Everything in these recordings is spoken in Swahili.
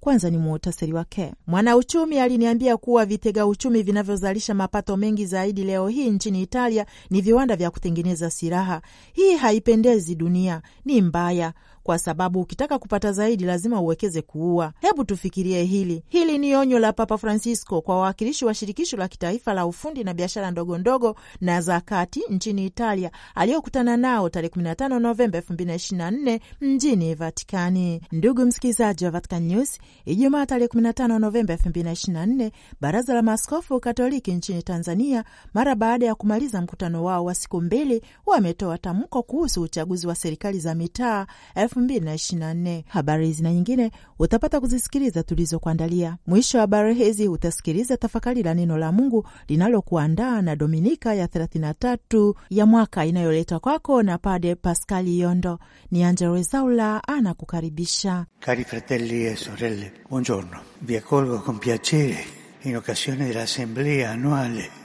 kwanza ni muhtasari wake. Mwanauchumi aliniambia kuwa vitega uchumi vinavyozalisha mapato mengi zaidi leo hii nchini Italia ni viwanda vya kutengeneza silaha. Hii haipendezi dunia, ni mbaya kwa sababu ukitaka kupata zaidi lazima uwekeze kuua. Hebu tufikirie hili. Hili ni onyo la Papa Francisco kwa wawakilishi wa shirikisho la kitaifa la ufundi na biashara ndogo ndogo na za kati nchini Italia aliyokutana nao tarehe 15 Novemba 2024 mjini Vatikani. Ndugu msikilizaji wa Vatican News, Ijumaa tarehe 15 Novemba 2024 baraza la maaskofu Katoliki nchini Tanzania mara baada ya kumaliza mkutano wao wa siku mbili wametoa tamko kuhusu uchaguzi wa serikali za mitaa elfu mbili na ishirini na nne. Habari hizi na nyingine utapata kuzisikiliza tulizokuandalia. Mwisho wa habari hizi utasikiliza tafakari la neno la Mungu linalokuandaa na Dominika ya 33 ya mwaka inayoletwa kwako na Pade Paskali Yondo. Ni Angelo Ezaula anakukaribisha. Cari fratelli e sorelle, buongiorno vi accolgo con piacere in occasione dell'assemblea annuale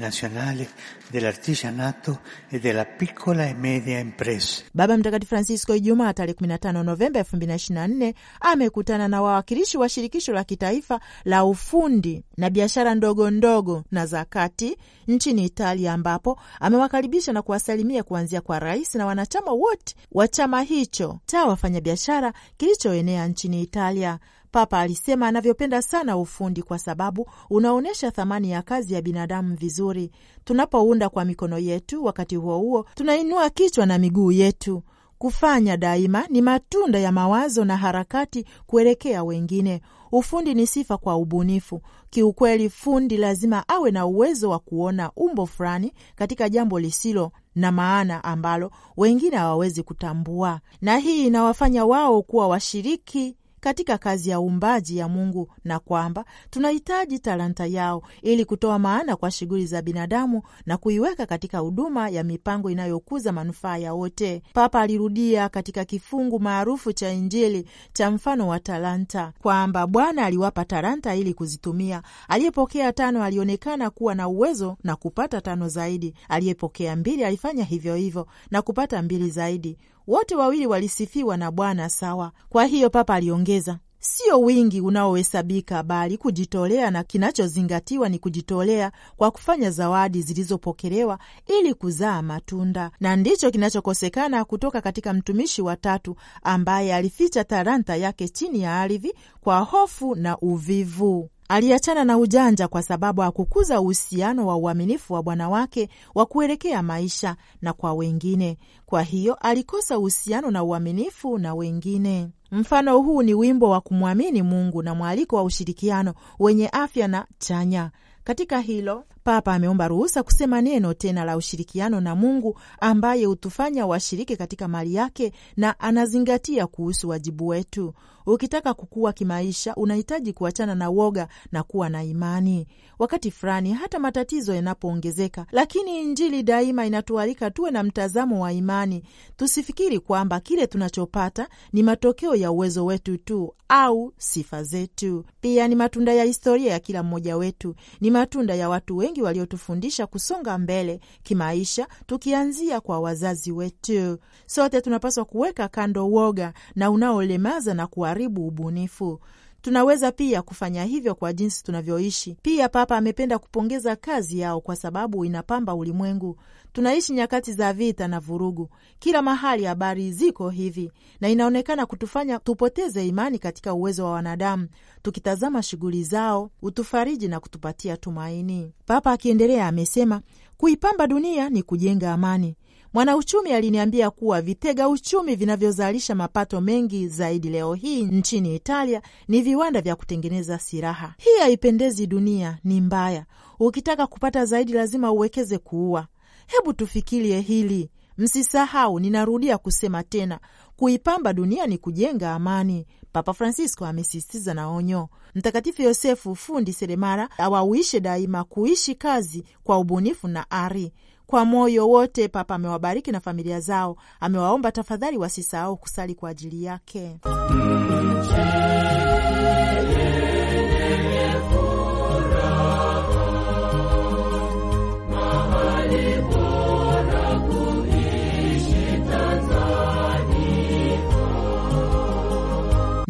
nacionales, del artesanato y de la Piccola e Media empresa Baba Mtakatifu Francisco Ijumaa tarehe 15 Novemba 2024 amekutana na wawakilishi wa shirikisho la kitaifa la ufundi na biashara ndogo ndogo na za kati nchini Italia, ambapo amewakaribisha na kuwasalimia kuanzia kwa rais na wanachama wote wa chama hicho cha wafanyabiashara kilichoenea nchini Italia. Papa alisema anavyopenda sana ufundi kwa sababu unaonyesha thamani ya kazi ya binadamu vizuri. Tunapounda kwa mikono yetu, wakati huo huo tunainua kichwa na miguu yetu. Kufanya daima ni matunda ya mawazo na harakati kuelekea wengine. Ufundi ni sifa kwa ubunifu. Kiukweli, fundi lazima awe na uwezo wa kuona umbo fulani katika jambo lisilo na maana ambalo wengine hawawezi kutambua, na hii inawafanya wao kuwa washiriki katika kazi ya uumbaji ya Mungu na kwamba tunahitaji talanta yao ili kutoa maana kwa shughuli za binadamu na kuiweka katika huduma ya mipango inayokuza manufaa ya wote. Papa alirudia katika kifungu maarufu cha Injili cha mfano wa talanta kwamba Bwana aliwapa talanta ili kuzitumia. Aliyepokea tano alionekana kuwa na uwezo na kupata tano zaidi. Aliyepokea mbili alifanya hivyo hivyo na kupata mbili zaidi. Wote wawili walisifiwa na Bwana sawa. Kwa hiyo Papa aliongeza, sio wingi unaohesabika, bali kujitolea, na kinachozingatiwa ni kujitolea kwa kufanya zawadi zilizopokelewa ili kuzaa matunda, na ndicho kinachokosekana kutoka katika mtumishi wa tatu ambaye alificha talanta yake chini ya ardhi kwa hofu na uvivu. Aliachana na ujanja kwa sababu hakukuza uhusiano wa uaminifu wa bwana wake wa kuelekea maisha na kwa wengine. Kwa hiyo alikosa uhusiano na uaminifu na wengine. Mfano huu ni wimbo wa kumwamini Mungu na mwaliko wa ushirikiano wenye afya na chanya. Katika hilo Papa ameomba ruhusa kusema neno tena la ushirikiano na Mungu ambaye hutufanya washiriki katika mali yake na anazingatia kuhusu wajibu wetu. Ukitaka kukua kimaisha, unahitaji kuachana na woga na kuwa na imani. Wakati fulani hata matatizo yanapoongezeka, lakini Injili daima inatualika tuwe na mtazamo wa imani. Tusifikiri kwamba kile tunachopata ni matokeo ya uwezo wetu tu au sifa zetu. Pia ni matunda ya historia ya kila mmoja wetu, ni matunda ya watu wengi wengi waliotufundisha kusonga mbele kimaisha, tukianzia kwa wazazi wetu. Sote tunapaswa kuweka kando woga na unaolemaza na kuharibu ubunifu. Tunaweza pia kufanya hivyo kwa jinsi tunavyoishi. Pia Papa amependa kupongeza kazi yao kwa sababu inapamba ulimwengu. Tunaishi nyakati za vita na vurugu, kila mahali habari ziko hivi, na inaonekana kutufanya tupoteze imani katika uwezo wa wanadamu. Tukitazama shughuli zao, utufariji na kutupatia tumaini. Papa akiendelea amesema, kuipamba dunia ni kujenga amani Mwanauchumi aliniambia kuwa vitega uchumi vinavyozalisha mapato mengi zaidi leo hii nchini Italia ni viwanda vya kutengeneza silaha. Hii haipendezi, dunia ni mbaya. Ukitaka kupata zaidi, lazima uwekeze kuua. Hebu tufikirie hili. Msisahau, ninarudia kusema tena, kuipamba dunia ni kujenga amani. Papa Francisco amesisitiza na onyo. Mtakatifu Yosefu fundi seremala awauishe daima kuishi kazi kwa ubunifu na ari. Kwa moyo wote Papa amewabariki na familia zao. Amewaomba tafadhali wasisahau kusali kwa ajili yake. Mm.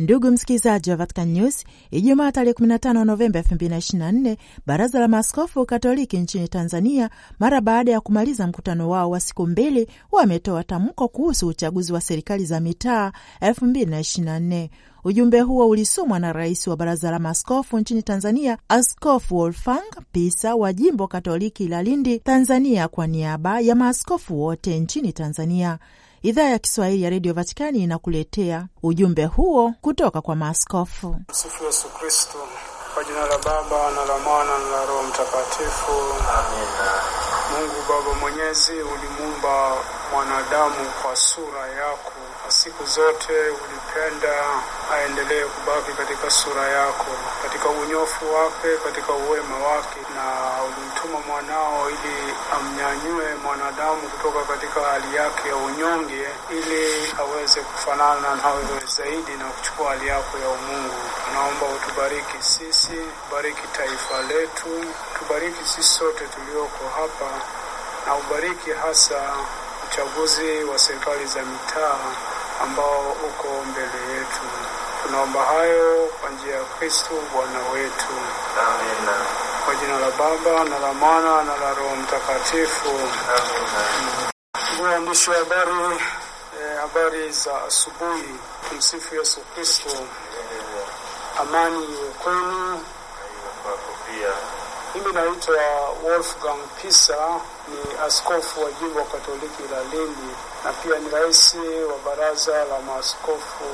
Ndugu msikilizaji wa Vatican News, Ijumaa tarehe 15 Novemba 2024, Baraza la Maaskofu Katoliki nchini Tanzania, mara baada ya kumaliza mkutano wao wa siku mbili, wametoa tamko kuhusu uchaguzi wa serikali za mitaa 2024. Ujumbe huo ulisomwa na rais wa baraza la maaskofu nchini Tanzania, Askofu Wolfgang Pisa wa jimbo katoliki la Lindi, Tanzania, kwa niaba ya maaskofu wote nchini Tanzania. Idhaa ya Kiswahili ya redio Vatikani inakuletea ujumbe huo kutoka kwa maaskofu. Msifu Yesu Kristo. Kwa jina la Baba na la Mwana na la Roho Mtakatifu, amina. Mungu Baba Mwenyezi, ulimuumba mwanadamu kwa sura yako siku zote ulipenda aendelee kubaki katika sura yako, katika unyofu wake, katika uwema wake, na ulimtuma mwanao ili amnyanyue mwanadamu kutoka katika hali yake ya unyonge, ili aweze kufanana nawe zaidi na kuchukua hali yako ya umungu. Naomba utubariki sisi, ubariki taifa letu, tubariki sisi sote tulioko hapa, na ubariki hasa uchaguzi wa serikali za mitaa ambao uko mbele yetu. Tunaomba hayo kwa njia ya Kristo Bwana wetu. Amina. Kwa jina la Baba na la Mwana na la Roho Mtakatifu. Amina. Ndugu waandishi wa habari, eh, habari za asubuhi. Tumsifu Yesu Kristo. Amani iwe kwenu naitwa Wolfgang Pisa, ni askofu wa jimbo Katoliki la Lindi na pia ni rais wa baraza la maaskofu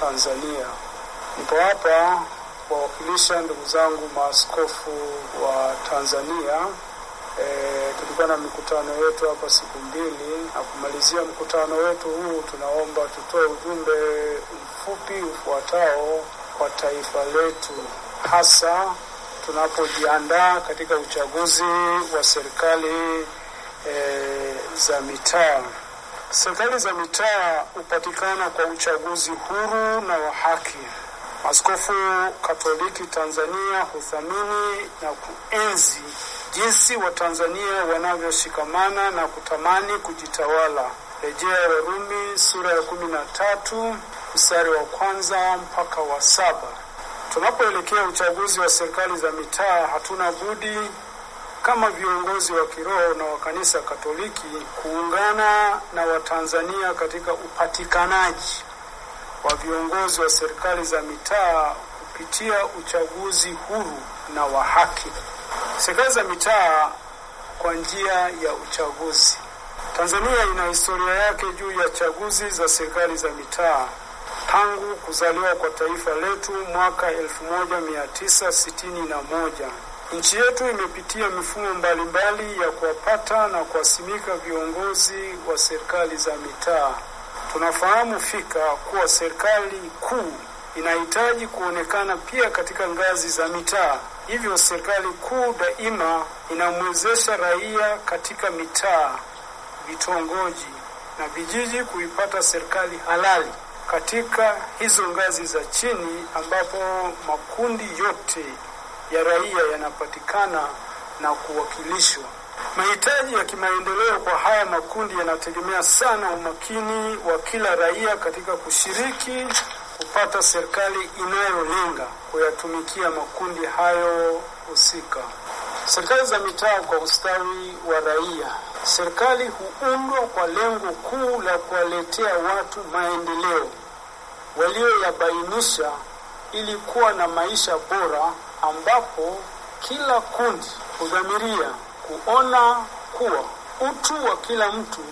Tanzania. Nipo hapa kuwawakilisha ndugu zangu maaskofu wa Tanzania. E, tulikuwa na mkutano yetu hapa siku mbili, na kumalizia mkutano wetu huu tunaomba tutoe ujumbe mfupi ufuatao kwa taifa letu hasa tunapojiandaa katika uchaguzi wa serikali e, za mitaa. Serikali za mitaa hupatikana kwa uchaguzi huru na wa haki. Askofu Katoliki Tanzania huthamini na kuenzi jinsi Watanzania wanavyoshikamana na kutamani kujitawala. Rejea Warumi sura ya kumi na tatu mstari wa kwanza mpaka wa saba. Tunapoelekea uchaguzi wa serikali za mitaa, hatuna budi kama viongozi wa kiroho na wa kanisa Katoliki kuungana na Watanzania katika upatikanaji wa viongozi wa serikali za mitaa kupitia uchaguzi huru na wa haki. Serikali za mitaa kwa njia ya uchaguzi. Tanzania ina historia yake juu ya chaguzi za serikali za mitaa tangu kuzaliwa kwa taifa letu mwaka 1961. Nchi yetu imepitia mifumo mbalimbali ya kuwapata na kuwasimika viongozi wa serikali za mitaa. Tunafahamu fika kuwa serikali kuu inahitaji kuonekana pia katika ngazi za mitaa. Hivyo serikali kuu daima inamwezesha raia katika mitaa, vitongoji na vijiji kuipata serikali halali katika hizo ngazi za chini ambapo makundi yote ya raia yanapatikana na kuwakilishwa. Mahitaji ya kimaendeleo kwa haya makundi yanategemea sana umakini wa kila raia katika kushiriki kupata serikali inayolenga kuyatumikia makundi hayo husika serikali za mitaa kwa ustawi wa raia. Serikali huundwa kwa lengo kuu la kuwaletea watu maendeleo walioyabainisha ili kuwa na maisha bora, ambapo kila kundi hudhamiria kuona kuwa utu wa kila mtu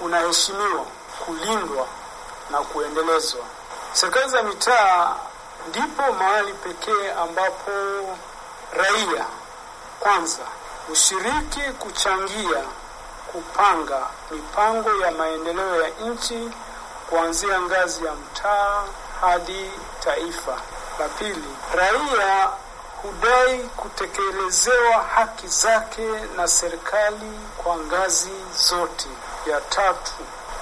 unaheshimiwa, kulindwa na kuendelezwa. Serikali za mitaa ndipo mahali pekee ambapo raia kwanza, ushiriki kuchangia kupanga mipango ya maendeleo ya nchi kuanzia ngazi ya mtaa hadi taifa. La pili, raia hudai kutekelezewa haki zake na serikali kwa ngazi zote. Ya tatu,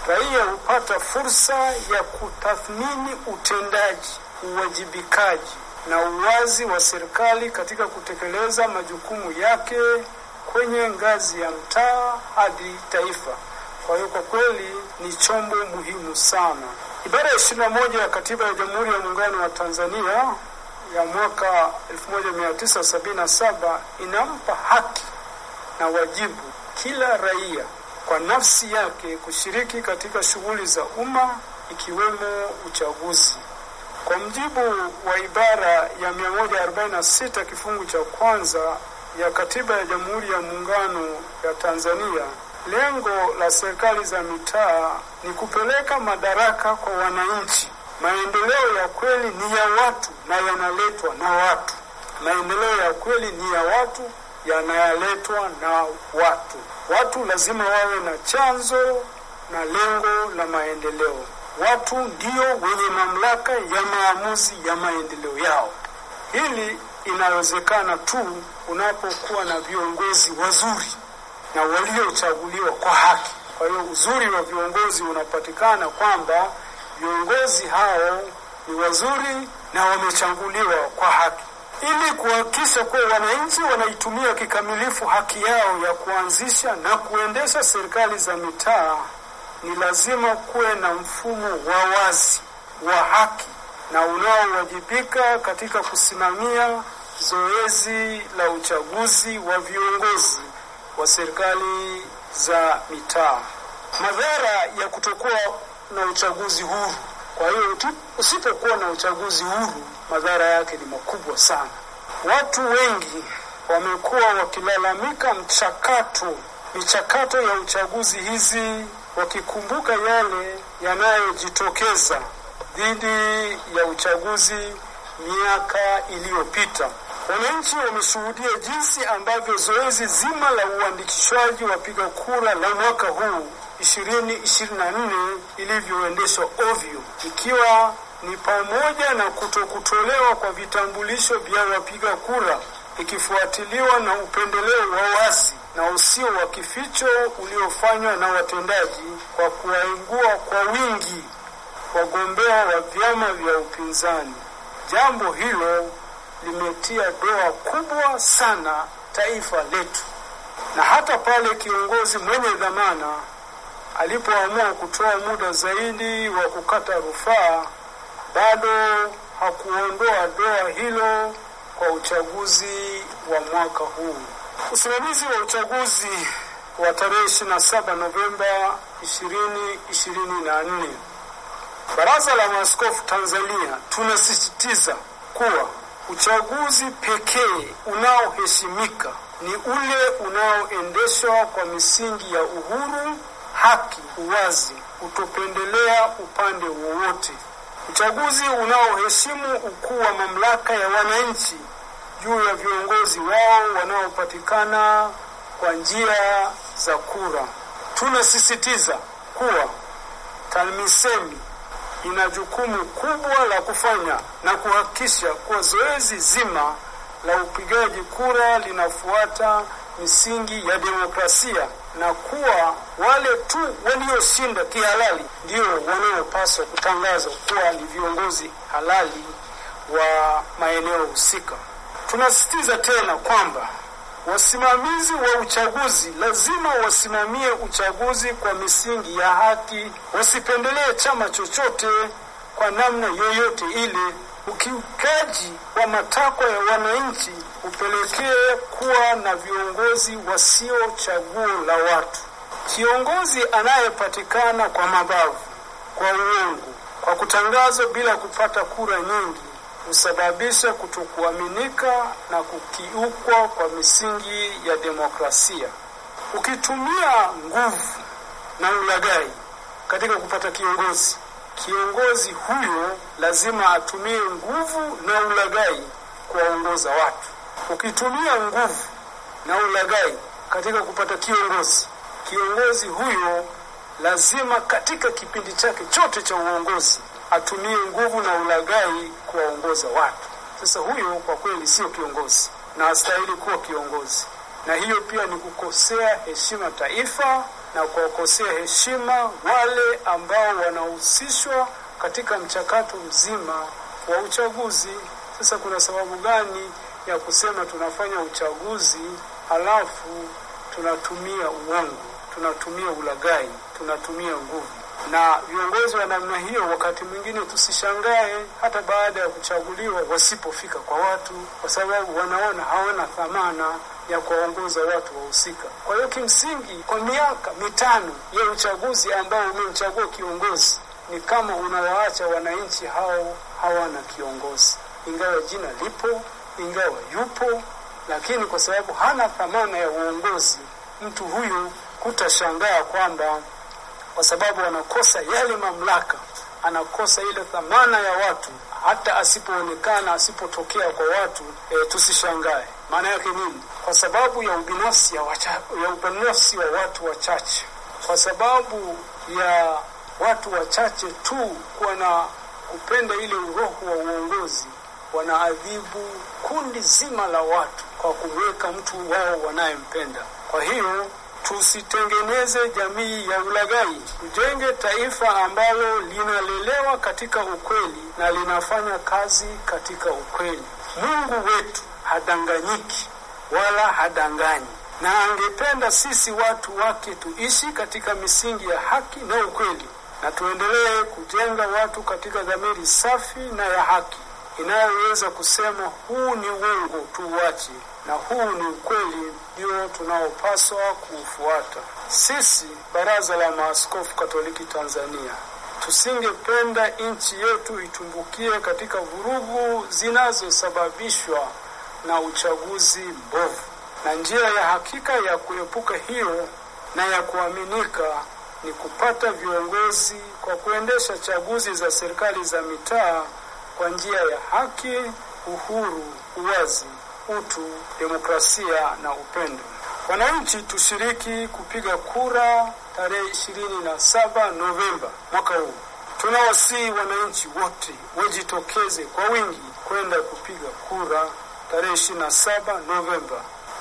raia hupata fursa ya kutathmini utendaji, uwajibikaji na uwazi wa serikali katika kutekeleza majukumu yake kwenye ngazi ya mtaa hadi taifa. Kwa hiyo kwa kweli ni chombo muhimu sana. Ibara ya ishirini na moja ya Katiba ya Jamhuri ya Muungano wa Tanzania ya mwaka 1977 inampa haki na wajibu kila raia kwa nafsi yake kushiriki katika shughuli za umma ikiwemo uchaguzi. Kwa mjibu wa ibara ya 146 kifungu cha kwanza ya katiba ya Jamhuri ya Muungano ya Tanzania, lengo la serikali za mitaa ni kupeleka madaraka kwa wananchi. Maendeleo ya kweli ni ya watu na yanaletwa na watu. Maendeleo ya kweli ni ya watu yanayaletwa na watu. Watu lazima wawe na chanzo na lengo la maendeleo watu ndio wenye mamlaka ya maamuzi ya maendeleo yao. Hili inawezekana tu unapokuwa na viongozi wazuri na waliochaguliwa kwa haki. Kwa hiyo uzuri wa viongozi unapatikana kwamba viongozi hao ni wazuri na wamechaguliwa kwa haki, ili kuhakikisha kuwa wananchi wanaitumia kikamilifu haki yao ya kuanzisha na kuendesha serikali za mitaa ni lazima kuwe na mfumo wa wazi wa haki na unaowajibika katika kusimamia zoezi la uchaguzi wa viongozi wa serikali za mitaa. Madhara ya kutokuwa na uchaguzi huru. Kwa hiyo usipokuwa na uchaguzi huru, madhara yake ni makubwa sana. Watu wengi wamekuwa wakilalamika mchakato, michakato ya uchaguzi hizi wakikumbuka yale yanayojitokeza dhidi ya uchaguzi miaka iliyopita. Wananchi wameshuhudia jinsi ambavyo zoezi zima la uandikishwaji wapiga kura la mwaka huu 2024 ilivyoendeshwa ovyo, ikiwa ni pamoja na kutokutolewa kwa vitambulisho vya wapiga kura, ikifuatiliwa na upendeleo wa wazi na usio wa kificho uliofanywa na watendaji kwa kuwaingua kwa wingi wagombea wa vyama vya upinzani. Jambo hilo limetia doa kubwa sana taifa letu, na hata pale kiongozi mwenye dhamana alipoamua kutoa muda zaidi wa kukata rufaa, bado hakuondoa doa hilo kwa uchaguzi wa mwaka huu. Usimamizi wa uchaguzi wa tarehe 27 Novemba 2024. Baraza la Maaskofu Tanzania tunasisitiza kuwa uchaguzi pekee unaoheshimika ni ule unaoendeshwa kwa misingi ya uhuru, haki, uwazi, kutopendelea upande wowote, uchaguzi unaoheshimu ukuu wa mamlaka ya wananchi juu ya viongozi wao wanaopatikana kwa njia za kura. Tunasisitiza kuwa TAMISEMI ina jukumu kubwa la kufanya na kuhakikisha kuwa zoezi zima la upigaji kura linafuata misingi ya demokrasia na kuwa wale tu walioshinda kihalali ndio wanaopaswa kutangazwa kuwa ni viongozi halali wa maeneo husika. Tunasisitiza tena kwamba wasimamizi wa uchaguzi lazima wasimamie uchaguzi kwa misingi ya haki, wasipendelee chama chochote kwa namna yoyote ile. Ukiukaji wa matakwa ya wananchi upelekee kuwa na viongozi wasio chaguo la watu. Kiongozi anayepatikana kwa mabavu, kwa uongo, kwa kutangazwa bila kupata kura nyingi husababisha kutokuaminika na kukiukwa kwa misingi ya demokrasia. Ukitumia nguvu na ulagai katika kupata kiongozi, kiongozi huyo lazima atumie nguvu na ulagai kuwaongoza watu. Ukitumia nguvu na ulagai katika kupata kiongozi, kiongozi huyo lazima katika kipindi chake chote cha uongozi atumie nguvu na ulagai kuwaongoza watu. Sasa huyo kwa kweli sio kiongozi na astahili kuwa kiongozi, na hiyo pia ni kukosea heshima taifa na kuwakosea heshima wale ambao wanahusishwa katika mchakato mzima wa uchaguzi. Sasa kuna sababu gani ya kusema tunafanya uchaguzi halafu tunatumia uongo, tunatumia ulagai tunatumia nguvu? na viongozi wa namna hiyo, wakati mwingine tusishangae hata baada ya kuchaguliwa wasipofika kwa watu, kwa sababu wanaona hawana thamana ya kuwaongoza watu wahusika. Kwa hiyo kimsingi, kwa miaka mitano ya uchaguzi ambao umemchagua kiongozi, ni kama unawaacha wananchi hao hawana kiongozi, ingawa jina lipo, ingawa yupo, lakini kwa sababu hana thamana ya uongozi, mtu huyu hutashangaa kwamba kwa sababu anakosa yale mamlaka, anakosa ile thamana ya watu. Hata asipoonekana, asipotokea kwa watu e, tusishangae. Maana yake nini? Kwa sababu ya ubinafsi ya, ya ubinafsi wa watu wachache, kwa sababu ya watu wachache tu kuwa na kupenda ile uroho wa uongozi, wanaadhibu kundi zima la watu kwa kumweka mtu wao wanayempenda. Kwa hiyo Tusitengeneze jamii ya ulaghai, tujenge taifa ambalo linalelewa katika ukweli na linafanya kazi katika ukweli. Mungu wetu hadanganyiki wala hadanganyi, na angependa sisi watu wake tuishi katika misingi ya haki na ukweli, na tuendelee kujenga watu katika dhamiri safi na ya haki inayoweza kusema huu ni uongo tuuache na huu ni ukweli ndio tunaopaswa kuufuata. Sisi Baraza la Maaskofu Katoliki Tanzania tusingependa nchi yetu itumbukie katika vurugu zinazosababishwa na uchaguzi mbovu, na njia ya hakika ya kuepuka hiyo na ya kuaminika ni kupata viongozi kwa kuendesha chaguzi za serikali za mitaa kwa njia ya haki, uhuru, uwazi, utu, demokrasia na upendo. Wananchi tushiriki kupiga kura tarehe ishirini na saba Novemba mwaka huu. Tunawasihi wananchi wote wajitokeze kwa wingi kwenda kupiga kura tarehe ishirini na saba Novemba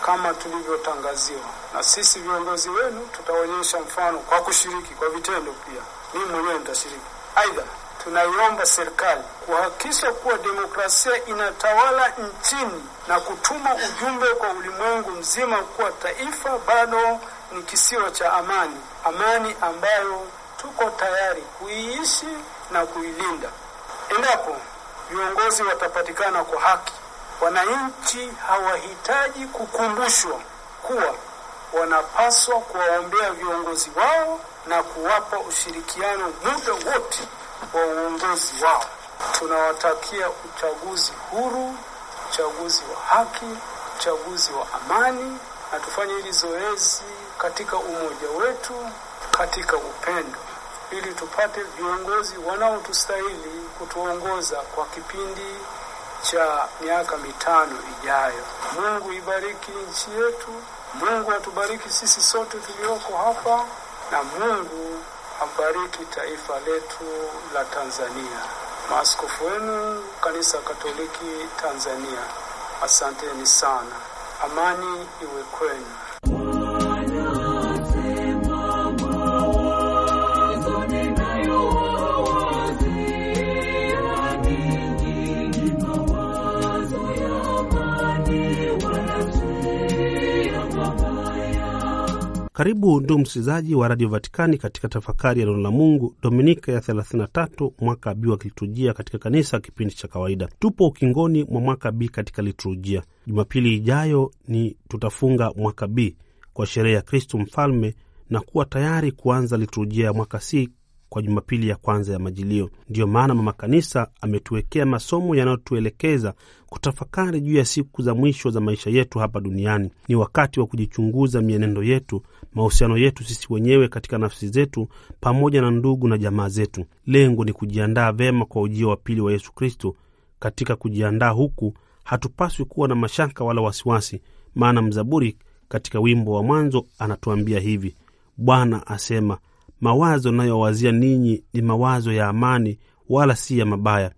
kama tulivyotangaziwa, na sisi viongozi wenu tutaonyesha mfano kwa kushiriki kwa vitendo. Pia mimi mwenyewe nitashiriki. Aidha, tunaiomba serikali kuhakikisha kuwa demokrasia inatawala nchini na kutuma ujumbe kwa ulimwengu mzima kuwa taifa bado ni kisiwa cha amani, amani ambayo tuko tayari kuiishi na kuilinda. Endapo viongozi watapatikana kwa haki, wananchi hawahitaji kukumbushwa kuwa wanapaswa kuwaombea viongozi wao na kuwapa ushirikiano muda wote wa uongozi wao. Tunawatakia uchaguzi huru, uchaguzi wa haki, uchaguzi wa amani, na tufanye hili zoezi katika umoja wetu, katika upendo, ili tupate viongozi wanaotustahili kutuongoza kwa kipindi cha miaka mitano ijayo. Mungu ibariki nchi yetu. Mungu atubariki sisi sote tulioko hapa na Mungu ambariki taifa letu la Tanzania. Maaskofu wenu Kanisa Katoliki Tanzania, asanteni sana. Amani iwe kwenu. Karibu ndugu msikilizaji wa Radio Vatikani katika tafakari ya neno la Mungu, Dominika ya 33 mwaka B wa kiliturujia katika kanisa, kipindi cha kawaida. Tupo ukingoni mwa mwaka B katika liturujia. Jumapili ijayo ni tutafunga mwaka B kwa sherehe ya Kristu Mfalme na kuwa tayari kuanza liturujia ya mwaka C kwa Jumapili ya kwanza ya Majilio. Ndiyo maana Mama Kanisa ametuwekea masomo yanayotuelekeza kutafakari juu ya siku za mwisho za maisha yetu hapa duniani. Ni wakati wa kujichunguza mienendo yetu, mahusiano yetu sisi wenyewe katika nafsi zetu, pamoja na ndugu na jamaa zetu. Lengo ni kujiandaa vema kwa ujio wa pili wa Yesu Kristo. Katika kujiandaa huku hatupaswi kuwa na mashaka wala wasiwasi, maana mzaburi katika wimbo wa mwanzo anatuambia hivi: Bwana asema mawazo nayowazia ninyi ni mawazo ya amani, wala si ya mabaya.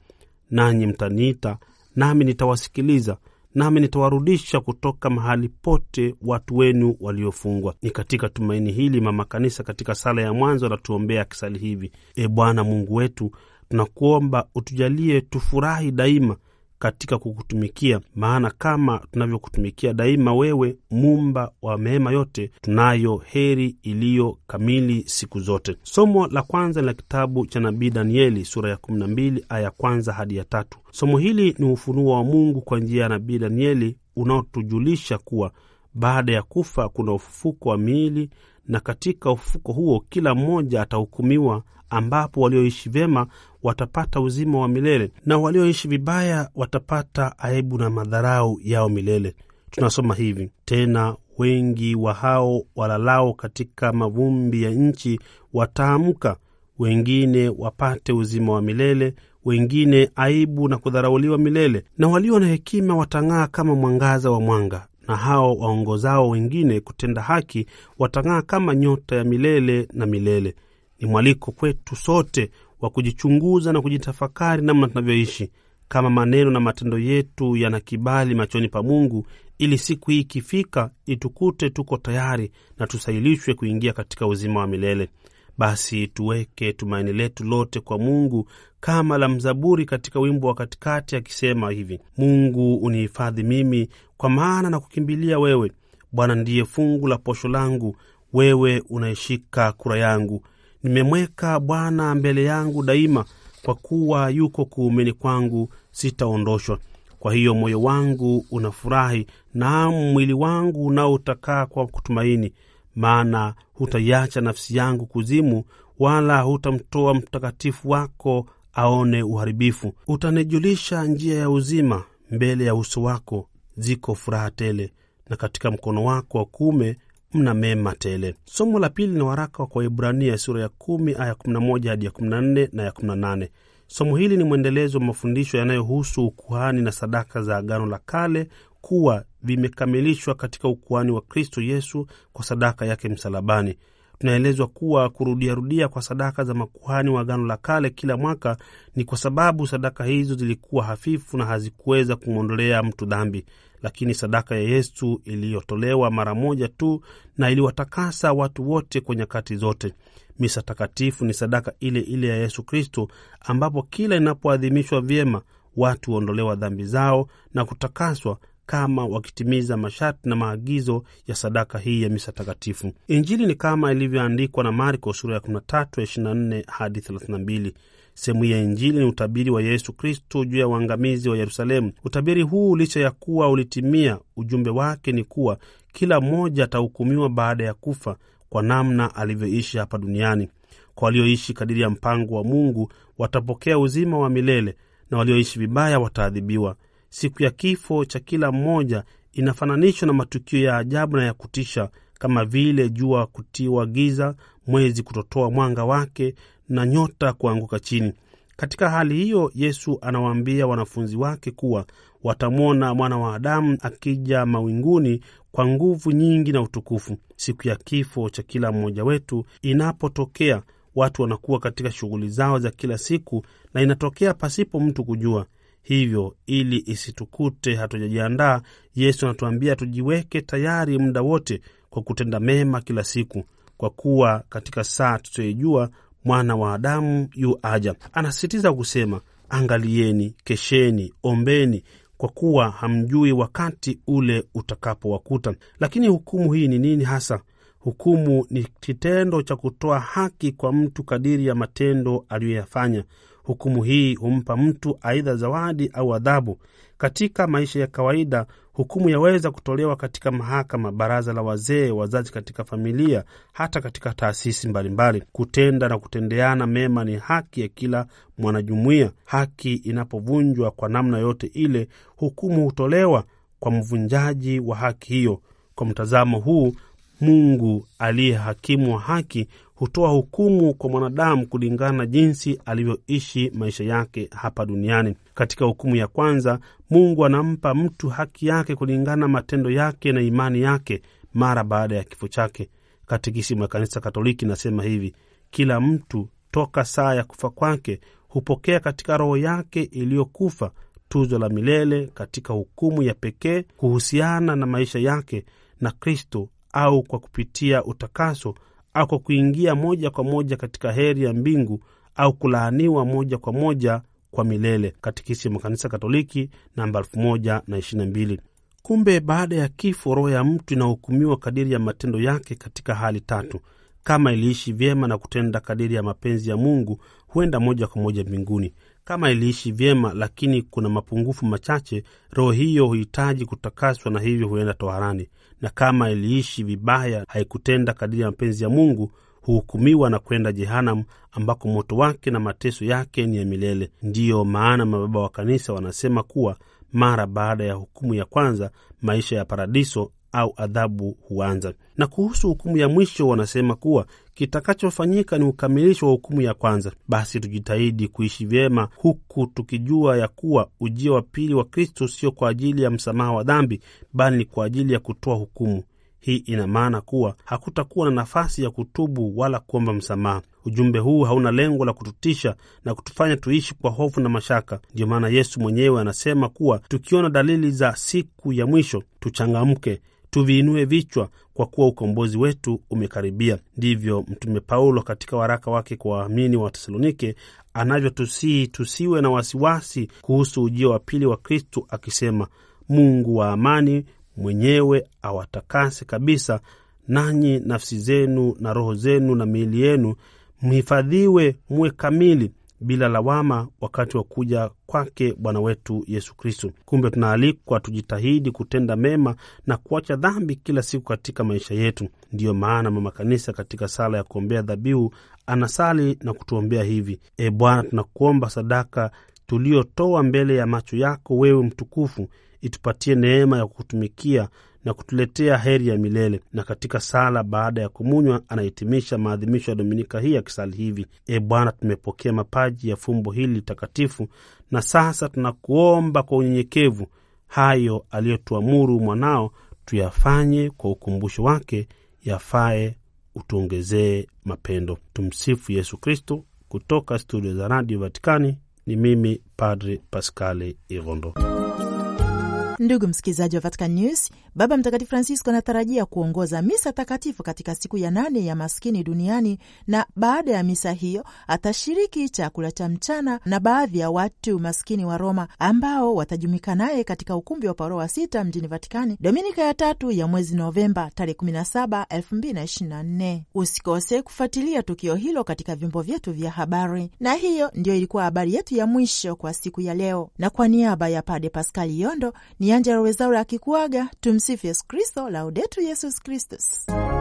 Nanyi mtaniita, nami nitawasikiliza, nami nitawarudisha kutoka mahali pote watu wenu waliofungwa. Ni katika tumaini hili mama kanisa katika sala ya mwanzo anatuombea akisali hivi: E Bwana Mungu wetu, tunakuomba utujalie tufurahi daima katika kukutumikia, maana kama tunavyokutumikia daima, wewe mumba wa mema yote, tunayo heri iliyo kamili siku zote. Somo la kwanza ni la kitabu cha nabii Danieli sura ya 12 aya ya kwanza hadi ya tatu. Somo hili ni ufunuo wa Mungu kwa njia ya nabii Danieli unaotujulisha kuwa baada ya kufa kuna ufufuko wa miili, na katika ufufuko huo kila mmoja atahukumiwa ambapo walioishi vyema watapata uzima wa milele na walioishi vibaya watapata aibu na madharau yao milele. Tunasoma hivi tena, wengi wa hao walalao katika mavumbi ya nchi wataamka, wengine wapate uzima wa milele, wengine aibu na kudharauliwa milele. Na walio na hekima watang'aa kama mwangaza wa mwanga, na hao waongozao wengine kutenda haki watang'aa kama nyota ya milele na milele. Ni mwaliko kwetu sote wa kujichunguza na kujitafakari namna tunavyoishi, kama maneno na matendo yetu yana kibali machoni pa Mungu, ili siku hii ikifika itukute tuko tayari na tusailishwe kuingia katika uzima wa milele. Basi tuweke tumaini letu lote kwa Mungu, kama la mzaburi katika wimbo wa katikati akisema hivi: Mungu unihifadhi mimi, kwa maana na kukimbilia wewe. Bwana ndiye fungu la posho langu, wewe unaishika kura yangu. Nimemweka Bwana mbele yangu daima, kwa kuwa yuko kuumeni kwangu, sitaondoshwa. Kwa hiyo moyo wangu unafurahi, naam, mwili wangu unaotakaa kwa kutumaini, maana hutaiacha nafsi yangu kuzimu, wala hutamtoa mtakatifu wako aone uharibifu. Utanijulisha njia ya uzima, mbele ya uso wako ziko furaha tele, na katika mkono wako wa kuume mna mema tele. Somo la pili ni waraka wa Waebrania sura ya 10 aya 11 hadi ya 14 na ya 18. Somo hili ni mwendelezo wa mafundisho yanayohusu ukuhani na sadaka za Agano la Kale kuwa vimekamilishwa katika ukuhani wa Kristo Yesu kwa sadaka yake msalabani. Tunaelezwa kuwa kurudiarudia kwa sadaka za makuhani wa Agano la Kale kila mwaka ni kwa sababu sadaka hizo zilikuwa hafifu na hazikuweza kumwondolea mtu dhambi lakini sadaka ya Yesu iliyotolewa mara moja tu na iliwatakasa watu wote kwa nyakati zote. Misa takatifu ni sadaka ile ile ya Yesu Kristo, ambapo kila inapoadhimishwa vyema watu huondolewa dhambi zao na kutakaswa kama wakitimiza masharti na maagizo ya sadaka hii ya misa takatifu. Injili ni kama ilivyoandikwa na Marko sura ya 13:24 hadi 32. Sehemu ya Injili ni utabiri wa Yesu Kristo juu ya uangamizi wa Yerusalemu. Utabiri huu licha ya kuwa ulitimia, ujumbe wake ni kuwa kila mmoja atahukumiwa baada ya kufa kwa namna alivyoishi hapa duniani. Kwa walioishi kadiri ya mpango wa Mungu watapokea uzima wa milele, na walioishi vibaya wataadhibiwa siku ya kifo cha kila mmoja inafananishwa na matukio ya ajabu na ya kutisha kama vile jua kutiwa giza, mwezi kutotoa mwanga wake na nyota kuanguka chini. Katika hali hiyo, Yesu anawaambia wanafunzi wake kuwa watamwona mwana wa Adamu akija mawinguni kwa nguvu nyingi na utukufu. Siku ya kifo cha kila mmoja wetu inapotokea, watu wanakuwa katika shughuli zao za kila siku na inatokea pasipo mtu kujua. Hivyo ili isitukute hatujajiandaa, Yesu anatuambia tujiweke tayari muda wote kwa kutenda mema kila siku, kwa kuwa katika saa tusioijua mwana wa Adamu yu aja. Anasisitiza kusema, angalieni, kesheni, ombeni, kwa kuwa hamjui wakati ule utakapowakuta. Lakini hukumu hii ni nini hasa? Hukumu ni kitendo cha kutoa haki kwa mtu kadiri ya matendo aliyoyafanya. Hukumu hii humpa mtu aidha zawadi au adhabu. Katika maisha ya kawaida, hukumu yaweza kutolewa katika mahakama, baraza la wazee, wazazi katika familia, hata katika taasisi mbalimbali. Kutenda na kutendeana mema ni haki ya kila mwanajumuiya. Haki inapovunjwa kwa namna yote ile, hukumu hutolewa kwa mvunjaji wa haki hiyo. Kwa mtazamo huu, Mungu aliye hakimu wa haki hutoa hukumu kwa mwanadamu kulingana na jinsi alivyoishi maisha yake hapa duniani. Katika hukumu ya kwanza, Mungu anampa mtu haki yake kulingana na matendo yake na imani yake mara baada ya kifo chake. Katikisimu ya Kanisa Katoliki inasema hivi: kila mtu toka saa ya kufa kwake hupokea katika roho yake iliyokufa tuzo la milele katika hukumu ya pekee kuhusiana na maisha yake na Kristo au kwa kupitia utakaso au kwa kuingia moja kwa moja katika heri ya mbingu au kulaaniwa moja kwa moja kwa milele. Katikisi ya makanisa Katoliki namba 1022. Kumbe baada ya kifo, roho ya mtu inahukumiwa kadiri ya matendo yake katika hali tatu. Kama iliishi vyema na kutenda kadiri ya mapenzi ya Mungu, huenda moja kwa moja mbinguni. Kama iliishi vyema, lakini kuna mapungufu machache, roho hiyo huhitaji kutakaswa na hivyo huenda toharani. Na kama iliishi vibaya, haikutenda kadiri ya mapenzi ya Mungu, huhukumiwa na kwenda jehanamu, ambako moto wake na mateso yake ni ya milele. Ndiyo maana mababa wa kanisa wanasema kuwa mara baada ya hukumu ya kwanza, maisha ya paradiso au adhabu huanza. Na kuhusu hukumu ya mwisho, wanasema kuwa kitakachofanyika ni ukamilisho wa hukumu ya kwanza. Basi tujitahidi kuishi vyema, huku tukijua ya kuwa ujio wa pili wa Kristo sio kwa ajili ya msamaha wa dhambi, bali ni kwa ajili ya kutoa hukumu. Hii ina maana kuwa hakutakuwa na nafasi ya kutubu wala kuomba msamaha. Ujumbe huu hauna lengo la kututisha na kutufanya tuishi kwa hofu na mashaka. Ndiyo maana Yesu mwenyewe anasema kuwa tukiona dalili za siku ya mwisho tuchangamke, tuviinue vichwa kwa kuwa ukombozi wetu umekaribia. Ndivyo Mtume Paulo katika waraka wake kwa waamini wa Tesalonike anavyotusihi tusiwe na wasiwasi kuhusu ujio wa pili wa Kristu, akisema, Mungu wa amani mwenyewe awatakase kabisa, nanyi nafsi zenu na roho zenu na miili yenu mhifadhiwe muwe kamili bila lawama wakati wa kuja kwake Bwana wetu Yesu Kristu. Kumbe tunaalikwa tujitahidi kutenda mema na kuacha dhambi kila siku katika maisha yetu. Ndiyo maana Mama Kanisa katika sala ya kuombea dhabihu anasali na kutuombea hivi: E Bwana, tunakuomba sadaka tuliyotoa mbele ya macho yako wewe mtukufu, itupatie neema ya kutumikia na kutuletea heri ya milele. Na katika sala baada ya kumunywa, anahitimisha maadhimisho ya dominika hii akisali hivi: E Bwana, tumepokea mapaji ya fumbo hili takatifu, na sasa tunakuomba kwa unyenyekevu, hayo aliyotuamuru mwanao tuyafanye kwa ukumbusho wake, yafae utuongezee mapendo. Tumsifu Yesu Kristo. Kutoka studio za Radio Vatikani ni mimi Padre Pascale Irondo. Ndugu msikilizaji wa Vatican News, Baba Mtakatifu Francisco anatarajia kuongoza misa takatifu katika siku ya nane ya maskini duniani, na baada ya misa hiyo atashiriki chakula cha mchana na baadhi ya watu maskini wa Roma ambao watajumika naye katika ukumbi wa Paulo wa sita mjini Vatikani dominika ya tatu ya mwezi Novemba tarehe 17, 2024. Usikose kufuatilia tukio hilo katika vyombo vyetu vya habari. Na hiyo ndiyo ilikuwa habari yetu ya mwisho kwa siku ya leo, na kwa niaba ya Pade Paskali Yondo ni Anjela Wezaura akikuaga tum Tumsifu Yesu Kristo, Laudetur Yesus Kristus.